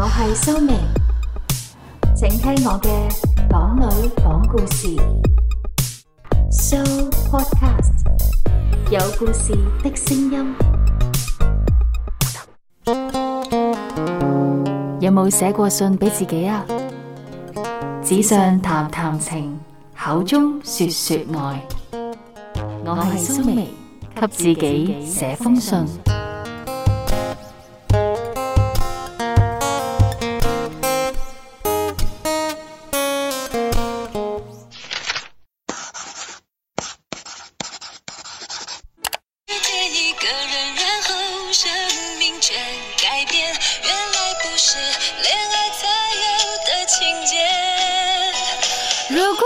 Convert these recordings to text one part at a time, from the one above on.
我係蘇明，請聽我嘅港女講故事。蘇 Podcast 有故事的聲音。有冇寫過信俾自己啊？紙上談談情，口中說說愛。我係蘇明，給自己寫封信。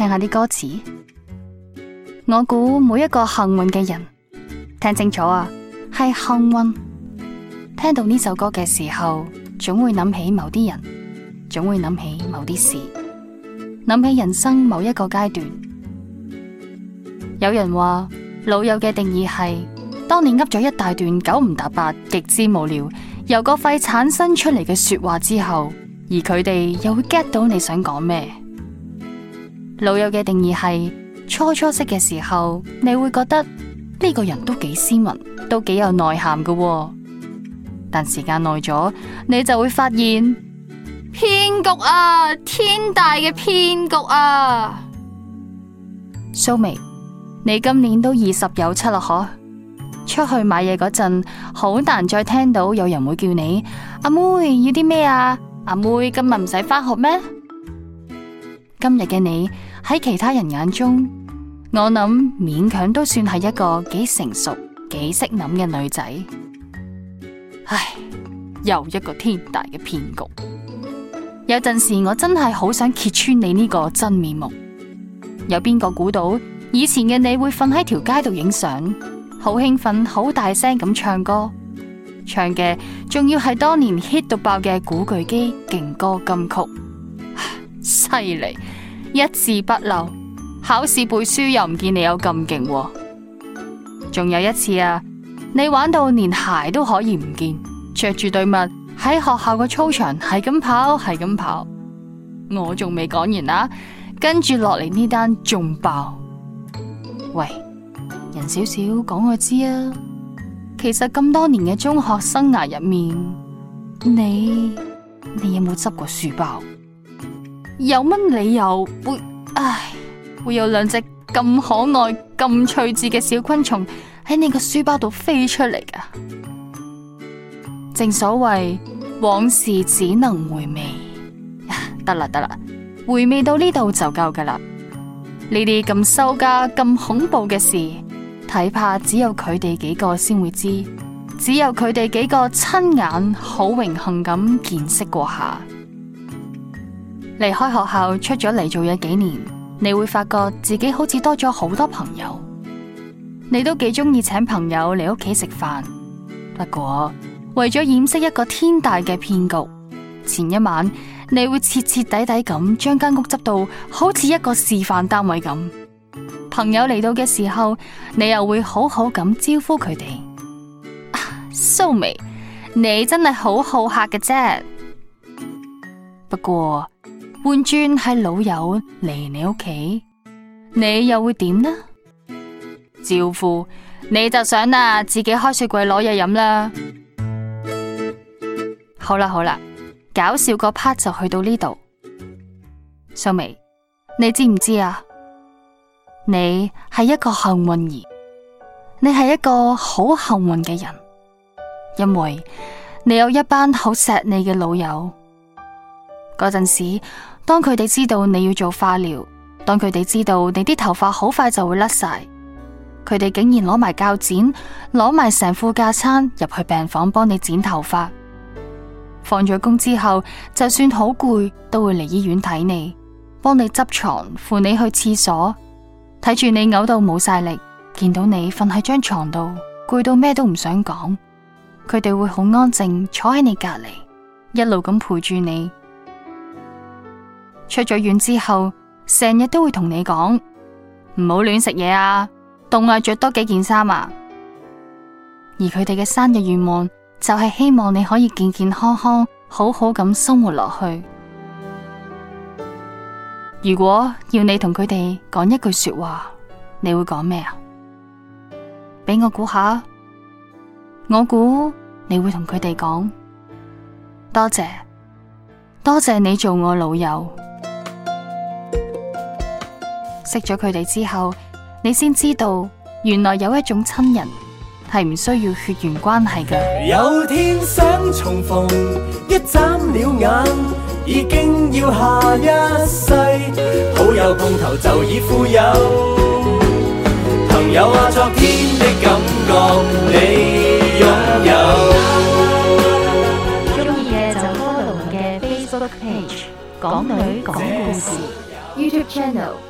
聽下啲歌詞，我估每一個幸運嘅人，聽清楚啊，係幸運。聽到呢首歌嘅時候，總會諗起某啲人，總會諗起某啲事，諗起人生某一個階段。有人話老友嘅定義係，當你噏咗一大段九唔搭八，極之無聊，由個肺產生出嚟嘅說話之後，而佢哋又會 get 到你想講咩。老友嘅定義係初初識嘅時候，你會覺得呢個人都幾斯文，都幾有內涵嘅喎。但時間耐咗，你就會發現騙局啊，天大嘅騙局啊！蘇眉，你今年都二十有七啦，嗬，出去買嘢嗰陣，好難再聽到有人會叫你阿妹，要啲咩啊？阿妹今日唔使翻學咩？今日嘅你。喺其他人眼中，我諗勉強都算係一個幾成熟、幾識諗嘅女仔。唉，又一個天大嘅騙局。有陣時我真係好想揭穿你呢個真面目。有邊個估到以前嘅你會瞓喺條街度影相，好興奮、好大聲咁唱歌，唱嘅仲要係當年 hit 到爆嘅古巨基勁歌金曲，唉，犀利！一字不漏，考試背書又唔見你有咁勁喎。仲有一次啊，你玩到連鞋都可以唔見，着住對襪喺學校個操場係咁跑係咁跑。我仲未講完啊，跟住落嚟呢單仲爆。喂，人少少講我知啊。其實咁多年嘅中學生涯入面，你你有冇執過書包？有乜理由會唉，會有兩隻咁可愛咁趣致嘅小昆蟲喺你個書包度飛出嚟噶正所謂往事只能回味，得啦得啦，回味到呢度就夠噶啦呢啲咁羞家咁恐怖嘅事，睇怕只有佢哋幾個先會知，只有佢哋幾個親眼好榮幸咁見識過下。離開學校出咗嚟做嘢幾年，你會發覺自己好似多咗好多朋友。你都幾鍾意請朋友嚟屋企食飯。不過為咗掩飾一個天大嘅騙局，前一晚你會徹徹底底咁將間屋執到好似一個示範單位咁。朋友嚟到嘅時候，你又會好好咁招呼佢哋。啊，蘇眉，你真係好好客嘅啫。不過。換轉係老友嚟你屋企，你又會點呢？招呼你就想啊，自己開雪櫃攞嘢飲啦。好啦好啦，搞笑嗰 part 就去到呢度。小美，你知唔知啊？你係一個幸運兒，你係一個好幸運嘅人，因為你有一班好錫你嘅老友。嗰陣時，當佢哋知道你要做化療，當佢哋知道你啲頭髮好快就會甩晒，佢哋竟然攞埋鉸剪，攞埋成副架撐入去病房幫你剪頭髮。放咗工之後，就算好攰，都會嚟醫院睇你，幫你執床，扶你去廁所，睇住你嘔到冇晒力，見到你瞓喺張床度，攰到咩都唔想講，佢哋會好安靜坐喺你隔籬，一路咁陪住你。出咗院之後，成日都會同你講，唔好亂食嘢啊，凍啊，着多幾件衫啊。而佢哋嘅生日願望就係希望你可以健健康康、好好咁生活落去。如果要你同佢哋講一句說話，你會講咩啊？俾我估下，我估你會同佢哋講多謝，多謝你做我老友。識咗佢哋之後，你先知道原來有一種親人係唔需要血緣關係噶。有天想重逢，一眨了眼，已經要下一世。好友碰頭就已富有，朋友啊，昨天的感覺你擁有。中意嘅就 follow 我嘅 Facebook page，港女講故事，YouTube channel。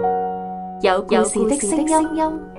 有故事的聲音。